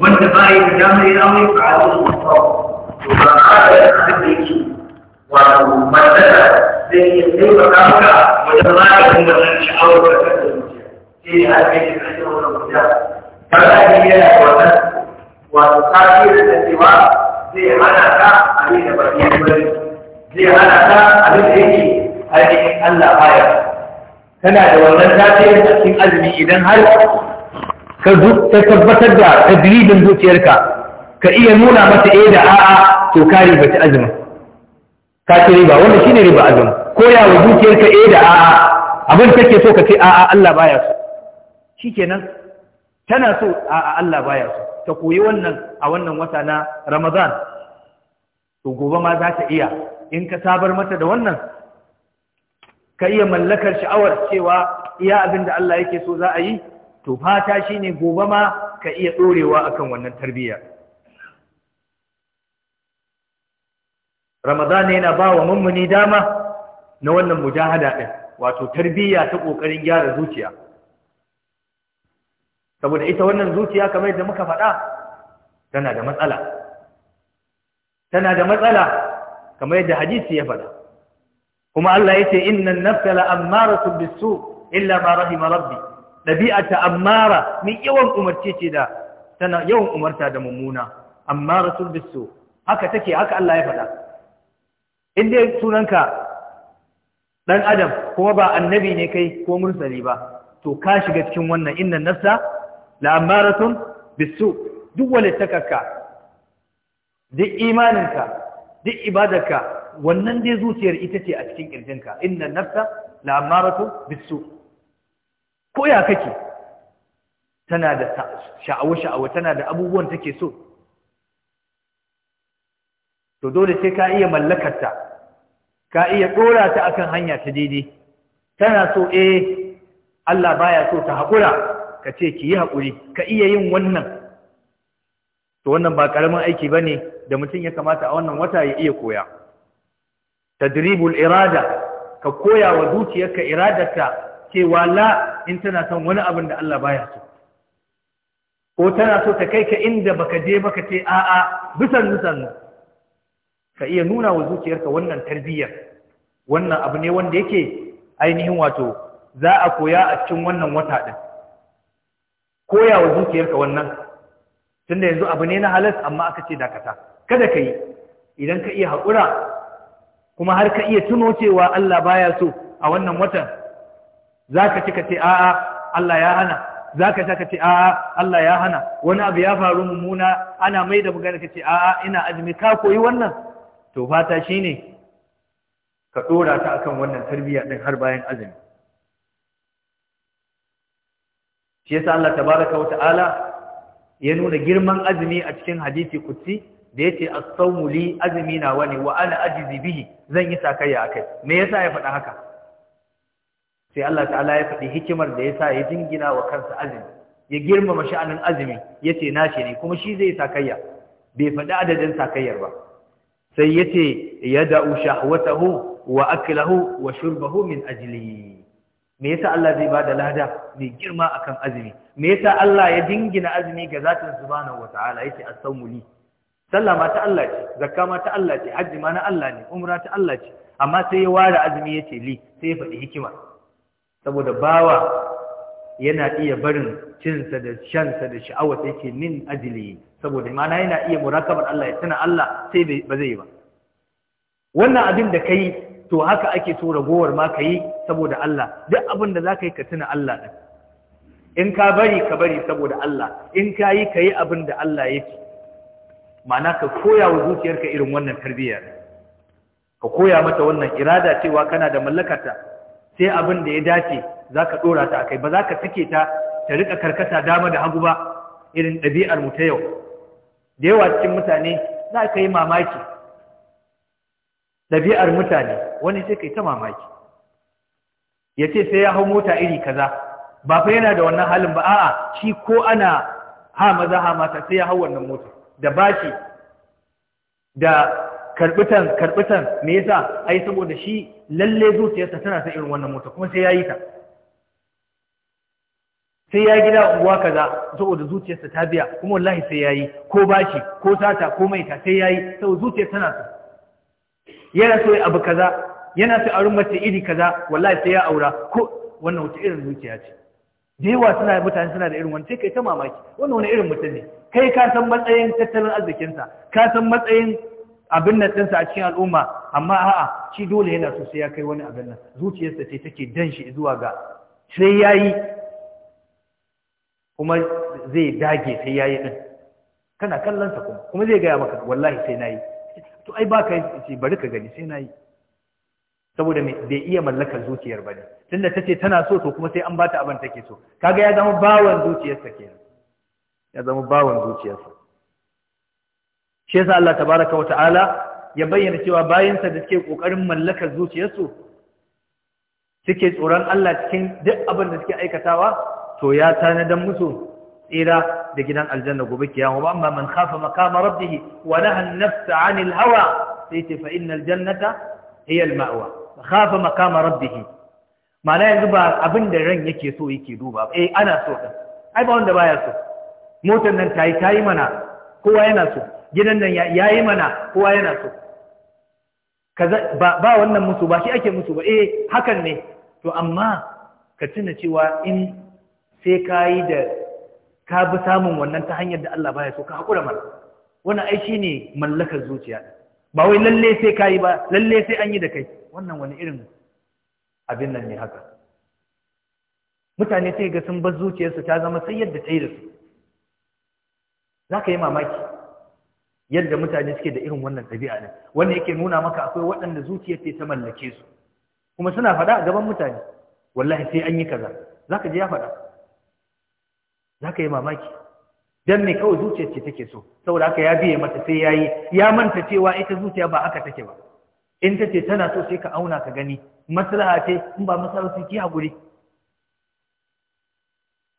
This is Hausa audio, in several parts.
wanda ba yi da damar yin aure ba a yi mutuwa to ba a da abin da yake wato matsala zai iya taimaka maka wajen maganin wannan sha'awar da ta zuciya shi ne a kai da kashe wannan guda ba za a yi yana wannan wato tasirin da cewa zai hana ka abin da ba yi bari zai hana ka abin da yake ainihin Allah baya kana da wannan tasirin a cikin azumi idan har ka tabbatar da tadribin zuciyarka ka iya nuna mata eh da a'a to kare riba azumin ka ce riba wanda shine riba azumin koya wa zuciyarka eh da a'a abin take so ka ce a'a Allah baya so shikenan tana so a'a Allah baya so ta koyi wannan a wannan wata na Ramadan to gobe ma za ta iya in ka sabar mata da wannan ka iya mallakar sha'awar cewa iya abin da Allah yake so za a yi to fata shine gobe ma ka iya ɗorewa akan wannan tarbiyya ramadana yana ba wa mummuni dama na wannan mujahada ɗin, wato tarbiyya ta ƙoƙarin gyara zuciya saboda ita wannan zuciya kamar yadda muka faɗa tana da matsala tana da matsala kamar yadda hadisi ya faɗa kuma Allah ce innan nafsa la'ammaratun bisu illa ma rahima rabbi ɗabi'a ta amara, mai yawan umarce ce da tana yawan umarta da mummuna ammara sun bisu haka take haka Allah ya faɗa in dai sunanka ɗan adam kuma ba annabi ne kai ko mursali ba to ka shiga cikin wannan innan nafsa la ammaratun bisu duk takaka, duk imaninka duk ibadarka wannan dai zuciyar ita ce a cikin kirjinka innan nafsa la ammaratun bisu ko ya kake tana da sha'awa-sha'awa tana da abubuwan take so to dole sai ka iya mallakarta ka iya ɗora ta akan hanya ta daidai tana so eh Allah baya so ta haƙura ka ce ki yi haƙuri ka iya yin wannan to wannan ba ƙaramin aiki ba ne da mutum ya kamata a wannan wata ya iya koya tadribul irada ka koya wa zuciyarka iradarta cewa la in tana son wani abin da Allah baya so ko tana so ta kai ka inda baka je baka ce a'a bisan bisan ka iya nuna wa zuciyarka wannan tarbiyyar wannan abu ne wanda yake ainihin wato za a koya a cikin wannan wata din koya wa zuciyarka wannan tunda yanzu abu ne na halas amma aka ce dakata kada ka yi idan ka iya haƙura kuma har ka iya tuno cewa Allah baya so a wannan watan zaka ci ka ce a'a Allah ya hana zaka ka ce a'a Allah ya hana wani abu ya faru mummuna ana mai da magana ka ce a'a ina azumi ka koyi wannan to fata shine ka dora ta akan wannan tarbiyya din har bayan azumi shi yasa Allah tabaraka wa ta'ala ya nuna girman azumi a cikin hadisi kutsi da yace as-sawmu li azmina na wani wa ana ajizi bihi zan yi sakayya akai me yasa ya faɗa haka sai Allah ta'ala ya faɗi hikimar da ya sa ya jingina wa kansa azumi ya girmama sha'anin azumi ya ce nashi ne kuma shi zai sakayya bai faɗi adadin sakayyar ba sai ya ce ya da'u shahwatahu wa aklahu wa shurbahu min ajli me yasa Allah zai bada lada mai girma akan azumi me yasa Allah ya dingina azumi ga zatin subhanahu wata'ala yace as-sawmu li sallah ma ta Allah ce zakka ma ta Allah ce hajji ma na Allah ne umra ta Allah ce amma sai ya ware azumi yace li sai ya faɗi hikima saboda bawa yana iya barin cinsa da shansa da sha'awa sai ke min ajili saboda mana yana iya murakabar Allah ya tuna Allah sai ba zai yi ba wannan abin da kai to haka ake so ragowar ma kai saboda Allah duk abin da zaka yi ka tuna Allah din in ka bari ka bari saboda Allah in ka yi ka yi abin da Allah yake mana ka koya wa zuciyarka irin wannan tarbiyya ka koya mata wannan irada cewa kana da mallakata. sai abin da ya dace za ka ɗora ta kai ba za ka sake ta ta riƙa karkata dama da hagu ba irin ɗabi'ar mu ta yau da yawa cikin mutane za ka yi mamaki ɗabi'ar mutane wani sai ka yi ta mamaki ya ce sai ya hau mota iri kaza ba fa yana da wannan halin ba a'a shi ko ana ha maza ha mata sai ya hau wannan mota da bashi da karbitan karbitan me yasa ai saboda shi lalle zuciyarsa tana ta irin wannan mota kuma sai yayi ta sai ya gida unguwa kaza saboda zuciyarsa ta biya kuma wallahi sai yayi ko bashi ko sata ko maita sai yayi saboda zuciyar tana so yana so ya abu kaza yana so a rumbace iri kaza wallahi sai ya aura ko wannan wata irin zuciya ce da yawa suna mutane suna da irin wani sai kai ta mamaki wannan wani irin mutum ne kai ka san matsayin tattalin arzikinsa ka san matsayin abin nan ɗinsa a cikin al'umma amma a shi dole yana so sai ya kai wani abin nan zuciyarsa ce take dan shi zuwa ga sai ya yi kuma zai dage sai ya yi ɗin kana kallonsa kuma kuma zai gaya maka wallahi sai na yi to ai ba ka yi bari ka gani sai na yi saboda bai iya mallakar zuciyar ba ne tunda ta tana so to kuma sai an ba ta abin take so kaga ya zama bawan zuciyarsa kenan ya zama bawan zuciyarsa shi yasa Allah tabaraka wa ta'ala ya bayyana cewa bayansa da suke kokarin mallakar zuciyarsu suke tsoron Allah cikin duk abin da suke aikatawa to ya tanadan musu tsira da gidan aljanna gobe kiyama ba amma man khafa maqama rabbih wa naha nafsa 'anil hawa sai fa innal jannata hiya al-ma'wa khafa maqama rabbih yanzu ba abin da ran yake so yake duba eh ana so ai ba wanda baya so motar nan tayi tayi mana kowa yana so gidan nan ya yi mana kowa yana so ba wannan musu ba shi ake musu ba eh hakan ne to amma ka tuna cewa in sai ka yi da ka bi samun wannan ta hanyar da Allah baya so ka haƙura mana wannan ai shi ne mallakar zuciya ba wai lalle sai ka yi ba lalle sai an yi da kai wannan wani irin abin nan ne haka mutane sai ga sun bar zuciyarsu ta zama sai yadda ta yi da su za ka yi mamaki yadda mutane suke da irin wannan ɗabi'a ne wanda yake nuna maka akwai waɗanda zuciyar ta mallake su kuma suna faɗa a gaban mutane wallahi sai an yi kaza zaka je ya faɗa zaka yi mamaki dan me kawai zuciyar ce take so saboda haka ya biye mata sai yayi ya manta cewa ita zuciya ba haka take ba in tace tana so sai ka auna ka gani maslaha ce in ba maslaha ce ki hakuri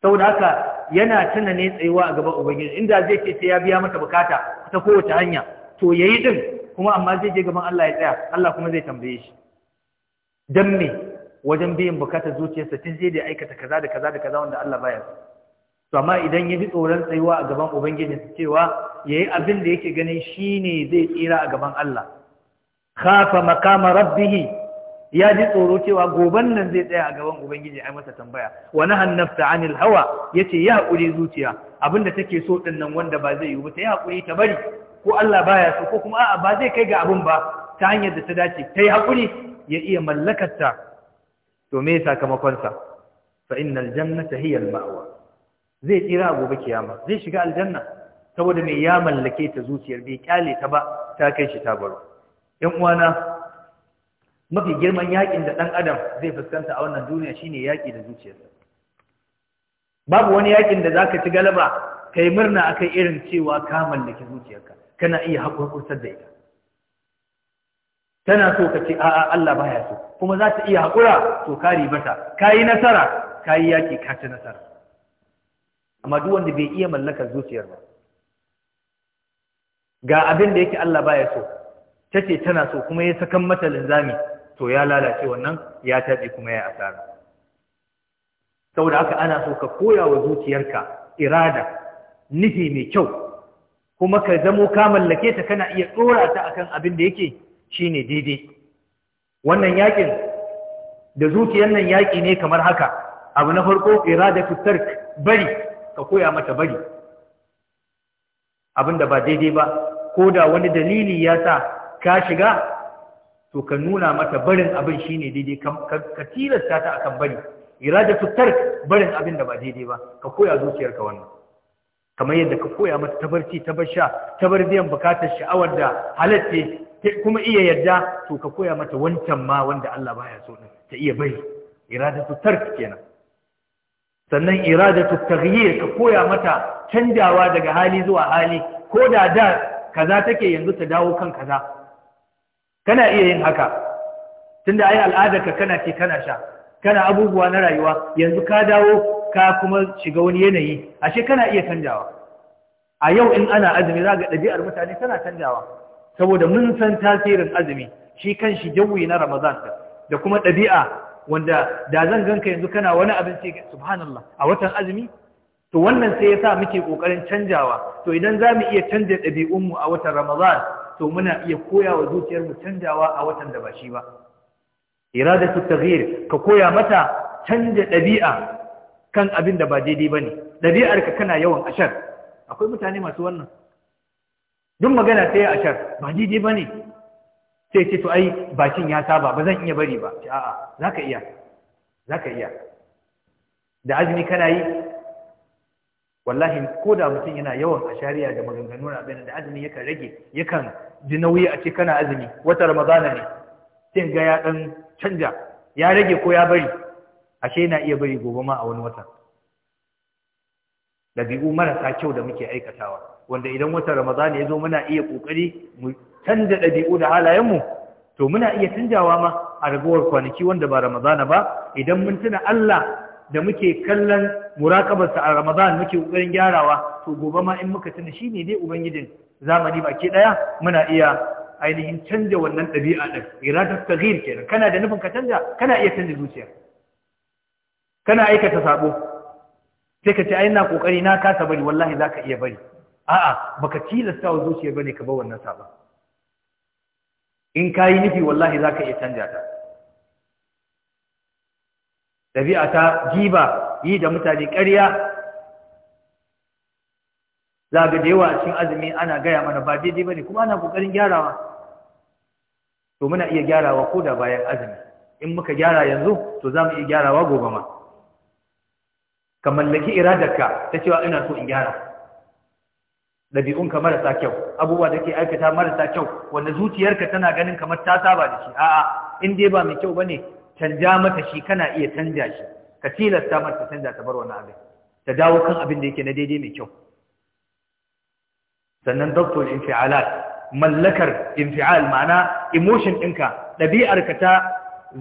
saboda haka yana tuna ne tsayuwa a gaban ubangiji inda zai ce sai ya biya mata bukata ta kowace hanya to yayi din kuma amma zai je gaban Allah ya tsaya Allah kuma zai tambaye shi dan me wajen biyan bukatar zuciyarsa tun zai da aikata kaza da kaza da kaza wanda Allah baya to amma idan ya ji tsoron tsayuwa a gaban ubangiji cewa yayi abin da yake ganin shine zai tsira a gaban Allah khafa maqama rabbihi ya ji tsoro cewa goban nan zai tsaya a gaban ubangiji ai masa tambaya wa nahan nafsa anil hawa yace ya hakuri zuciya abinda take so din nan wanda ba zai yi ba ta ya hakuri ta bari ko Allah baya so ko kuma a'a ba zai kai ga abin ba ta hanyar da ta dace ta yi hakuri ya iya mallakarta to me sakamakon sa fa innal jannata hiya al ma'wa zai tsira gobe kiyama zai shiga aljanna saboda me ya mallake ta zuciyar bai kyale ta ba ta kai shi ta baro yan uwana mafi girman yaƙin da ɗan adam zai fuskanta a wannan duniya shine yaki da zuciyarsa babu wani yakin da za ka ci galaba kai murna akai irin cewa ka mallaki zuciyarka kana iya hakurkursar da ita tana so ka ce a'a Allah baya so kuma za ta iya hakura to ka ribata kayi nasara yi yaki ka ci nasara amma duk wanda bai iya mallakar zuciyar ba ga abin da yake Allah baya so tace tana so kuma ya sakan mata linzami to ya lalace wannan ya taɓi kuma ya asara saboda haka ana so ka koya wa zuciyarka irada nufi mai kyau kuma ka zamo ka mallake ta kana iya ɗora ta akan abin da yake shine daidai wannan yakin da zuciyar nan yaki ne kamar haka abu na farko irada tark bari ka koya mata bari abinda ba daidai ba ko da wani dalili ya sa ka shiga to ka nuna mata barin abin shine daidai ka tilasta ta a kan bari iradatu tark barin abin da ba daidai ba ka koya zuciyarka wannan kamar yadda ka koya mata tabarci tabarsha tabar biyan bukatar sha'awar da halatte kuma iya yarda, to ka koya mata wancan ma wanda Allah baya so din ta iya bari iradatu tark kenan sannan iradatu taghyir ka koya mata canjawa daga hali zuwa hali ko da da kaza take yanzu ta dawo kan kaza kana iya yin haka tunda ai al'adarka kana ce kana sha kana abubuwa na rayuwa yanzu ka dawo ka kuma shiga wani yanayi ashe kana iya canjawa a yau in ana azumi za ga ɗabi'ar mutane tana canjawa saboda mun san tasirin azumi shi kan shi jawi na ramadan da kuma ɗabi'a wanda da zan ganka yanzu kana wani abinci subhanallah a watan azumi to wannan sai ya sa muke kokarin canjawa to idan za mu iya canja ɗabi'unmu a watan ramadan to muna iya koya wa zuciyar mu canjawa a watan da ba shi ba iradatu taghyir ka koya mata canja ɗabi'a kan abin da ba daidai bane dabi'ar ka kana yawan ashar akwai mutane masu wannan duk magana sai ashar ba daidai bane sai ce to ai bakin ya saba ba zan iya bari ba a'a zaka iya zaka iya da azumi kana yi wallahi ko da mutum yana yawan a sharia da maganganu na abin da azumi yakan rage yakan ji nauyi a ce kana azumi wata ramadana ne sai ga ya dan canja ya rage ko ya bari ashe yana iya bari gobe ma a wani wata dabi'u marasa kyau da muke aikatawa wanda idan wata ramadana ya zo muna iya kokari mu canja dabi'u da halayenmu to muna iya canjawa ma a ragowar kwanaki wanda ba ramadana ba idan mun tuna Allah da muke kallon murakabarsa a Ramadan muke ƙoƙarin gyarawa to gobe ma in muka tuna shine dai ubangijin zamani baki daya muna iya ainihin canja wannan ɗabi'a ɗin ta taghyir kenan kana da nufin ka canja kana iya canja zuciya kana aikata sabo sai ka ce ai ina kokari na kasa bari wallahi zaka iya bari a'a baka tilasta wa zuciya bane ka bar wannan saba in yi nufi wallahi zaka iya canja ta ɗabi'a ta giba yi da mutane ƙarya za ga da yawa a cikin azumi ana gaya mana ba daidai ba ne kuma ana ƙoƙarin gyarawa to muna iya gyarawa ko da bayan azumi in muka gyara yanzu to za mu iya gyarawa gobe ma ka mallaki iradarka ta cewa ina so in gyara ɗabi'unka marasa kyau abubuwa da ke aikata marasa kyau wanda zuciyarka tana ganin kamar ta saba da shi a'a in dai ba mai kyau ba ne canja mata shi kana iya canja shi ka tilasta mata canja ta bar wani abin ta dawo kan abin da yake na daidai mai kyau sannan doctor infi'alat mallakar infi'al ma'ana emotion ɗinka ɗabi'arka ta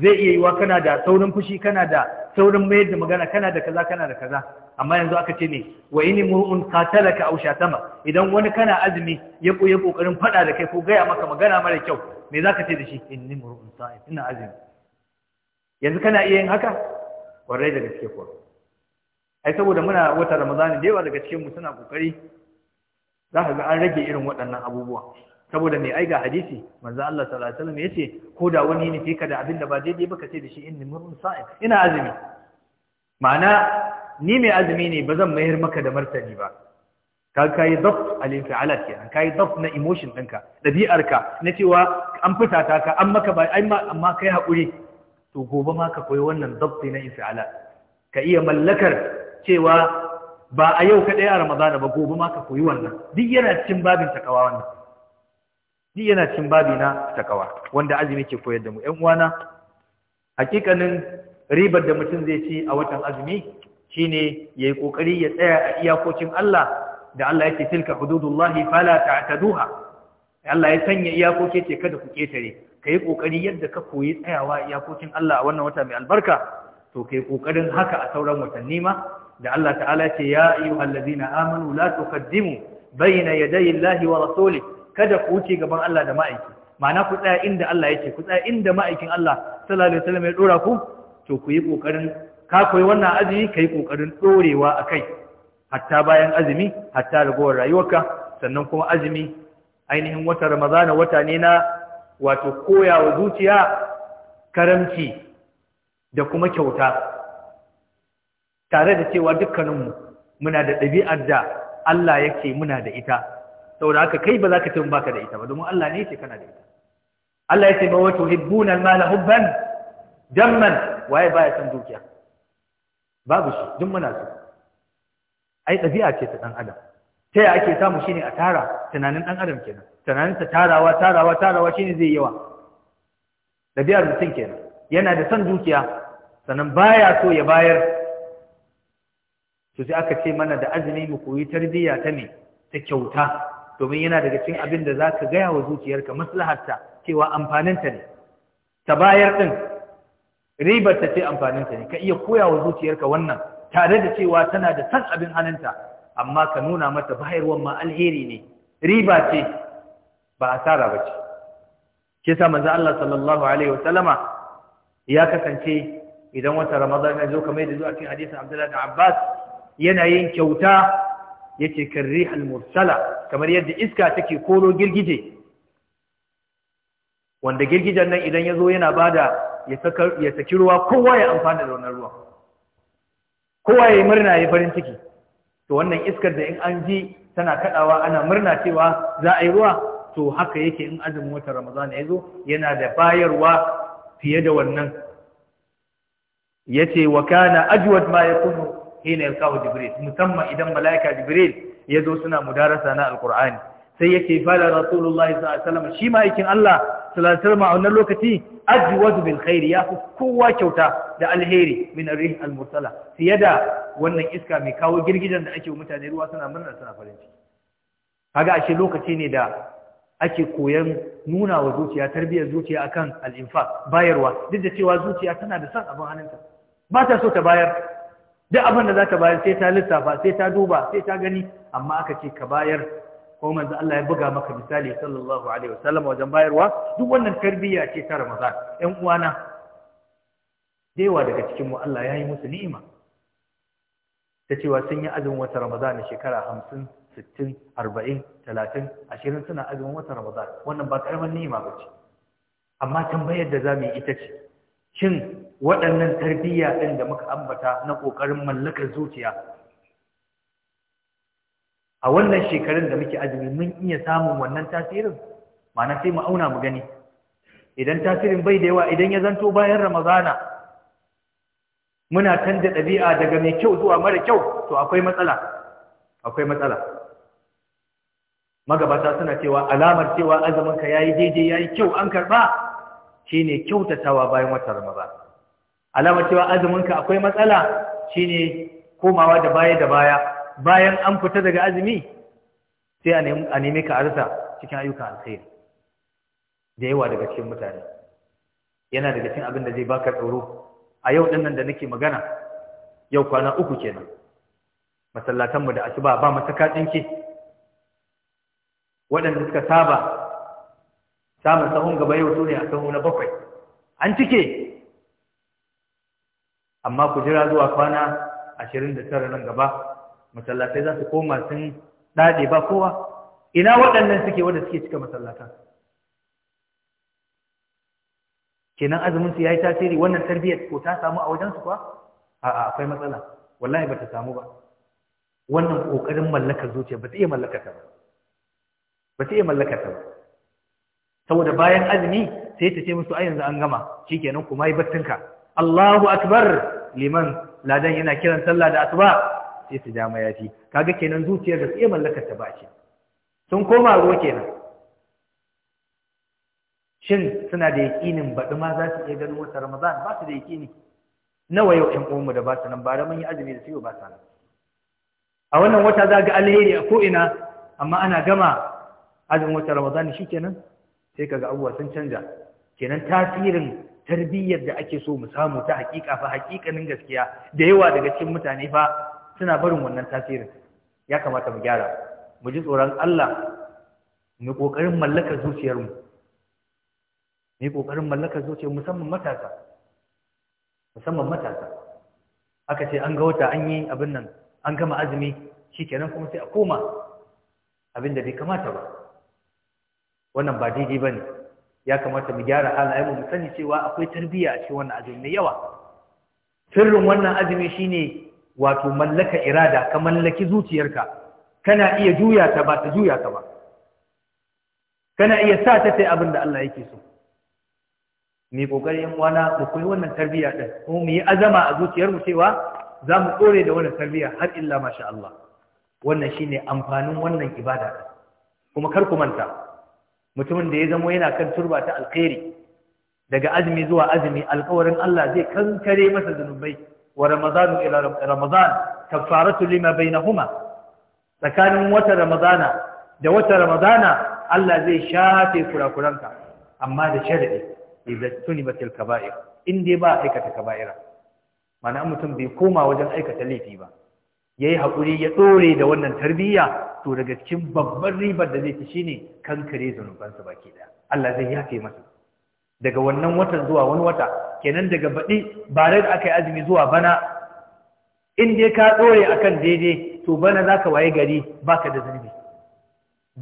zai iya yiwa kana da saurin fushi kana da saurin mayar da magana kana da kaza kana da kaza amma yanzu aka ce ne wa ini mu'un qatalaka aw shatama idan wani kana azumi ya koyi kokarin fada da kai ko gaya maka magana mara kyau me zaka ce da shi inni mu'un sa'id ina azumi yanzu kana iya yin haka kwarai da gaske kuwa ai saboda muna wata ramadani da yawa daga cikin mu suna kokari za ka ga an rage irin waɗannan abubuwa saboda mai aiga hadisi manzo Allah sallallahu alaihi wasallam yace ko da wani ne fika da abin da ba daidai ba ka ce da shi inni murun sa'i ina azumi ma'ana ni mai azumi ne ba zan mayar maka da martani ba ka kai dab al-infialat kenan kai dab na emotion ɗinka dabi'arka na cewa an fusata ka an maka ba amma kai haƙuri to gobe ma ka koyi wannan dabti na infi'ala ka iya mallakar cewa ba a yau kaɗai a ramadana ba gobe ma ka koyi wannan duk yana cikin babin takawa wannan duk yana cikin babi na takawa wanda azumi ke koyar da mu ƴan uwana hakikanin ribar da mutum zai ci a watan azumi shine yayi kokari ya tsaya a iyakokin Allah da Allah yake tilka hududullahi fala ta'taduha Allah ya sanya iyakoki ce kada ku ketare ka yi ƙoƙari yadda ka koyi tsayawa iyakokin Allah a wannan wata mai albarka to ka yi ƙoƙarin haka a sauran watanni ma da Allah ta'ala ce ya ayu allazina amanu la tuqaddimu bayna yadayi Allahi wa rasulih kada ku wuce gaban Allah da ma'aiki ma'ana ku tsaya inda Allah yake ku tsaya inda ma'aikin Allah sallallahu alaihi wasallam ya dora ku to ku yi ƙoƙarin ka koyi wannan azumi ka yi ƙoƙarin ɗorewa a kai hatta bayan azumi hatta ragowar rayuwarka sannan kuma azumi ainihin wata ramadana wata ne na wato koya wa zuciya karamci da kuma kyauta tare da cewa dukkaninmu muna da ɗabi'ar da Allah yake muna da ita saboda haka kai ba za ka tun baka da ita ba domin Allah ne yake kana da ita Allah yake ba wato hibbuna mala hubban jamman waye baya san dukiya babu shi duk muna so ai ɗabi'a ce ta ɗan adam ta yaya ake samu shine a tara tunanin ɗan adam kenan tunaninsa tarawa tarawa tarawa shine zai yawa ɗabi'ar mutum kenan yana da son dukiya sannan baya so ya bayar to sai aka ce mana da azumi mu koyi tarbiyya ta ne ta kyauta domin yana daga cikin abin da ka gaya wa zuciyarka maslaharta cewa amfaninta ne ta bayar din ribar ta ce amfaninta ne ka iya koya wa zuciyarka wannan tare da cewa tana da san abin hannunta amma ka nuna mata bayarwan ma alheri ne riba ce ba asara ba ce ke sa manzo Allah sallallahu alaihi wasallama ya kasance idan wata ramadan ya zo kamar yadda zuwa cikin hadisin Abdullahi da Abbas yana yin kyauta yace karrihal mursala kamar yadda iska take koro girgije wanda girgijen nan idan ya zo yana bada ya saki ruwa kowa ya amfana da wannan ruwa kowa ya yi murna ya farin ciki to wannan iskar da in an ji tana kaɗawa ana murna cewa za a yi ruwa to haka yake in azumin watan ramazan ya zo yana da bayarwa fiye da wannan ya ce wa kana ajwad ma ya hina ya kawo jibril musamman idan mala'ika jibril ya zo suna mudarasa na alkur'ani sai yake ce fala rasulullahi sallallahu alaihi shi ma aikin Allah sallallahu a wannan lokaci ajwad bil khairi ya fi kowa kyauta da alheri min al mursala fiye da wannan iska mai kawo girgijan da ake mutane ruwa suna murna suna farin ciki kaga ashe lokaci ne da ake koyan nuna wa zuciya tarbiyyar zuciya akan al'infa bayarwa duk da cewa zuciya tana da san abin hannunta ba ta so ta bayar duk abin da za ta bayar sai ta lissafa sai ta duba sai ta gani amma aka ce ka bayar ko manzo Allah ya buga maka misali sallallahu alaihi wasallam wajen bayarwa duk wannan tarbiyya ce ta Ramadan ƴan uwana daiwa daga cikin mu Allah ya yi musu ni'ima ta cewa sun yi azumin wata Ramadan shekara hamsin sittin arba'in talatin ashirin suna azumin watan ramadan wannan ba karamin ni'ima ba ce amma tambayar da za mu yi ita ce shin waɗannan tarbiyya ɗin da muka ambata na ƙoƙarin mallakar zuciya a wannan shekarun da muke azumi mun iya samun wannan tasirin ma'ana sai mu auna mu gani idan tasirin bai da yawa idan ya zanto bayan ramazana muna canza ɗabi'a daga mai kyau zuwa mara kyau to akwai matsala akwai matsala magabata suna cewa alamar cewa azumin ka yayi daidai yayi kyau an karba shine kyautatawa bayan watan ramadan alamar cewa azumin ka akwai matsala shine komawa da baya da baya bayan an fita daga azumi sai a nemi ka arsa cikin ayyukan alkhairi da yawa daga cikin mutane yana daga cikin abin da zai baka tsoro a yau dinnan da nake magana yau kwana uku kenan masallatanmu da asuba ba mata ke waɗanda suka saba samun sahun gaba yau su ne a sahu na bakwai an cike amma ku jira zuwa kwana ashirin da tara nan gaba masallatai za su koma sun ɗaɗe ba kowa ina waɗannan suke wanda suke cika masallata kenan azumin su yayi tasiri wannan tarbiyyar ko ta samu a wajen su kuwa a'a akwai matsala wallahi ta samu ba wannan kokarin mallakar zuciya ba ta iya mallakar ta ba ba ta iya mallakar ba saboda bayan azumi sai ta ce musu a yanzu an gama Shi kenan kuma yi battinka Allahu akbar liman ladan yana kiran sallah da asuba sai su ja mayafi kaga kenan zuciyar da su iya mallakar ta ba ce sun koma ruwa kenan shin suna da yaƙinin baɗi ma za su iya ganin wata ramadan ba su da yaƙini nawa yau ƴan uwanmu da ba su nan ba da mun yi azumi da su ba su nan a wannan wata za ga alheri a ko'ina amma ana gama azumin wata ramadani shi kenan sai kaga abubuwa sun canja kenan tasirin tarbiyyar da ake so mu samu ta hakika fa hakikanin gaskiya da yawa daga cikin mutane fa suna barin wannan tasirin ya kamata mu gyara mu ji tsoron Allah mu kokarin mallaka zuciyarmu mu kokarin mallaka zuciyar musamman matasa musamman matasa aka ce an ga wata an yi abin nan an gama azumi shikenan kuma sai a koma abin da bai kamata ba wannan ba daidai ba ne ya kamata mu gyara halayenmu mu sani cewa akwai tarbiyya a cikin wannan azumi mai yawa sirrin wannan azumi shine wato mallaka irada ka mallaki zuciyarka kana iya juya ta ba ta juya ka ba kana iya sa ta tai abin da Allah yake so mai kokari yan uwana mu koyi wannan tarbiyya din kuma mu yi azama a zuciyarmu cewa za mu dore da wannan tarbiyya har illa masha Allah wannan shine amfanin wannan ibada kuma kar ku manta mutumin da ya zamo yana kan turba ta alkhairi daga azumi zuwa azumi alkawarin Allah zai kankare masa zunubai wa ramadanu ila ramadan kafaratu lima bainahuma tsakanin wata ramazana da wata ramazana Allah zai shafe kurakuranka amma da sharadi idza tunibatil kaba'ir in dai ba aikata kaba'ira mana mutum bai koma wajen aikata laifi ba yayi hakuri ya dore da wannan tarbiyya to daga cikin babban ribar da zai ci shine kankare zunubansa baki daya Allah zai yafe masa daga wannan watan zuwa wani wata kenan daga baɗi ba da aka yi azumi zuwa bana in dai ka ɗore akan daidai to bana zaka waye gari baka da zunubi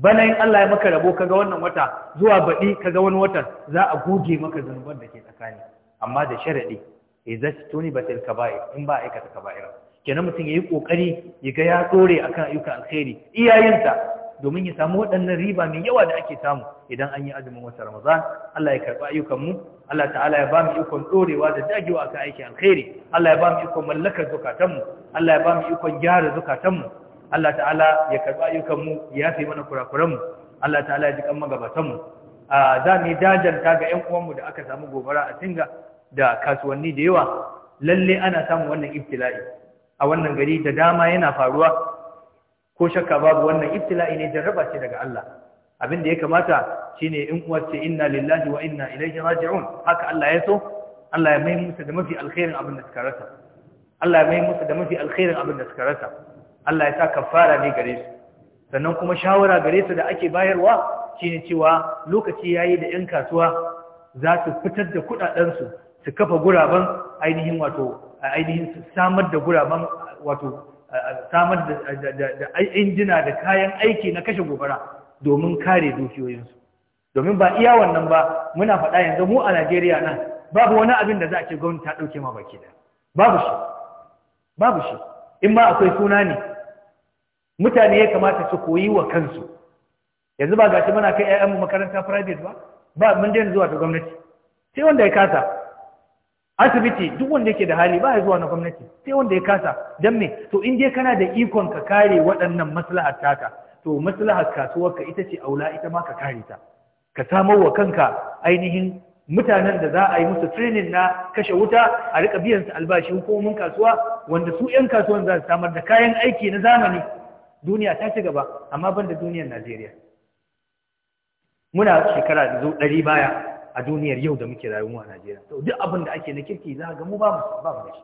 bana in Allah ya maka rabo kaga wannan wata zuwa baɗi kaga wani watan za a goge maka zunuban da ke tsakani amma da sharaɗi izat tuni batil kaba'ir in ba aikata kaba'ira kenan mutum yi ƙoƙari, ya ga ya dore akan ayyukan alkhairi iyayensa domin ya samu waɗannan riba mai yawa da ake samu idan an yi azumin wata Ramadan Allah ya karɓi ayyukan mu Allah ta'ala ya ba mu ikon da dagewa akan aikin alkhairi Allah ya ba mu ikon mallakar zukatanmu, Allah ya ba mu ikon gyara zukatan mu Allah ta'ala ya karɓi ayyukan mu ya yafe mana kurakuran mu Allah ta'ala ya ji kan magabatan mu a za mu dajanta ga 'yan uwan mu da aka samu gobara a tinga da kasuwanni da yawa lalle ana samun wannan ibtila'i a wannan gari da dama yana faruwa ko shakka babu wannan ibtila'i ne jarraba ce daga Allah abin da ya kamata shine in uwarce inna lillahi wa inna ilaihi raji'un haka Allah ya so Allah ya mai musu da mafi alkhairin abin da suka rasa Allah ya mai musu da mafi alkhairin abin da suka rasa Allah ya sa kafara ne gare su sannan kuma shawara gare su da ake bayarwa shine cewa lokaci yayi da 'yan kasuwa za su fitar da kudaden su su kafa guraben ainihin wato ainihin samar da guraben wato samar da injina da kayan aiki na kashe gobara domin kare dukiyoyinsu domin ba iya wannan ba muna faɗa yanzu mu a Najeriya nan babu wani abin da za a ce gwamnati ta ɗauke ma baki da babu shi babu shi in ma akwai suna ne mutane ya kamata su koyi wa kansu yanzu ba gashi muna kai 'ya'yanmu makaranta private ba ba mun daina zuwa ta gwamnati sai wanda ya kasa asibiti duk wanda yake da hali ba ya zuwa na gwamnati sai wanda ya kasa don me to in dai kana da ikon ka kare waɗannan maslahar taka to maslahar kasuwar ka ita ce aula ita ma ka kare ta ka samar wa kanka ainihin mutanen da za a yi musu training na kashe wuta a rika biyan su albashi hukumomin kasuwa wanda su 'yan kasuwan za su samar da kayan aiki na zamani duniya ta ci gaba amma ban duniyar Najeriya muna shekara da zo ɗari baya a duniyar yau da muke rayuwa a Najeriya to duk abin da ake na kirki za ga mu ba mu ba mu da shi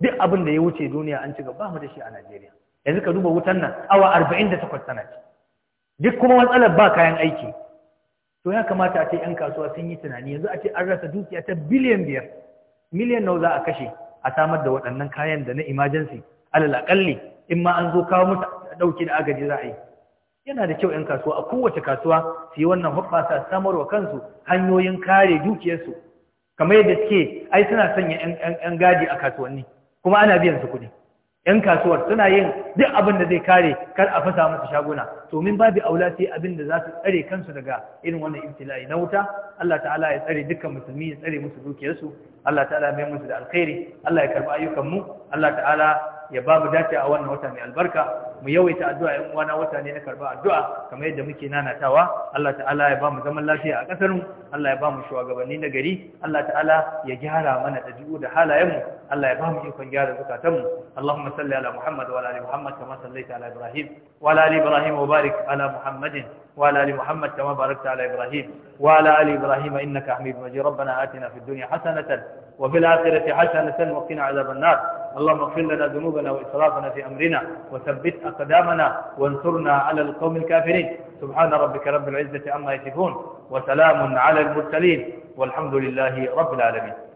duk abin da ya wuce duniya an ci gaba ba mu da shi a Najeriya yanzu ka duba wutan nan awa 48 tana ci duk kuma matsalar ba kayan aiki to ya kamata a ce 'yan kasuwa sun yi tunani yanzu a ce an rasa dukiya ta biliyan biyar miliyan nawa za a kashe a samar da waɗannan kayan da na imajensi alal aƙalli in ma an zo kawo mutu ɗauki da agaji za a yi yana da kyau 'yan kasuwa a kowace kasuwa su yi wannan samar wa kansu hanyoyin kare dukiyarsu kamar yadda suke ai suna sanya 'yan gadi a kasuwanni kuma ana biyan su kuɗi 'yan kasuwar suna yin duk abin da zai kare kar a fasa musu shaguna Domin min babu aula sai abin da za su tsare kansu daga irin wannan ibtila'i na wuta Allah ta'ala ya tsare dukkan musulmi ya tsare musu dukiyarsu Allah ta'ala ya mai musu da alkhairi Allah ya karɓi ayyukanmu. Allah ta'ala ya ba mu dace a wannan wata mai albarka mu yawaita addu'a yan uwana wata ne na karba addu'a kamar yadda muke nanatawa Allah ta'ala ya ba mu zaman lafiya a kasarmu mu Allah ya ba mu shugabanni na gari Allah ta'ala ya gyara mana dabi'u da halayen mu Allah ya ba mu ikon gyara zukatan mu Allahumma salli ala Muhammad wa ala ali Muhammad kama sallaita ala Ibrahim wa ala ali Ibrahim wa barik ala Muhammadin وعلى آل محمد كما باركت على إبراهيم وعلى آل إبراهيم إنك حميد مجيد ربنا آتنا في الدنيا حسنة وفي الآخرة حسنة وقنا عذاب النار اللهم اغفر لنا ذنوبنا وإسرافنا في أمرنا وثبت أقدامنا وانصرنا على القوم الكافرين سبحان ربك رب العزة عما يصفون وسلام على المرسلين والحمد لله رب العالمين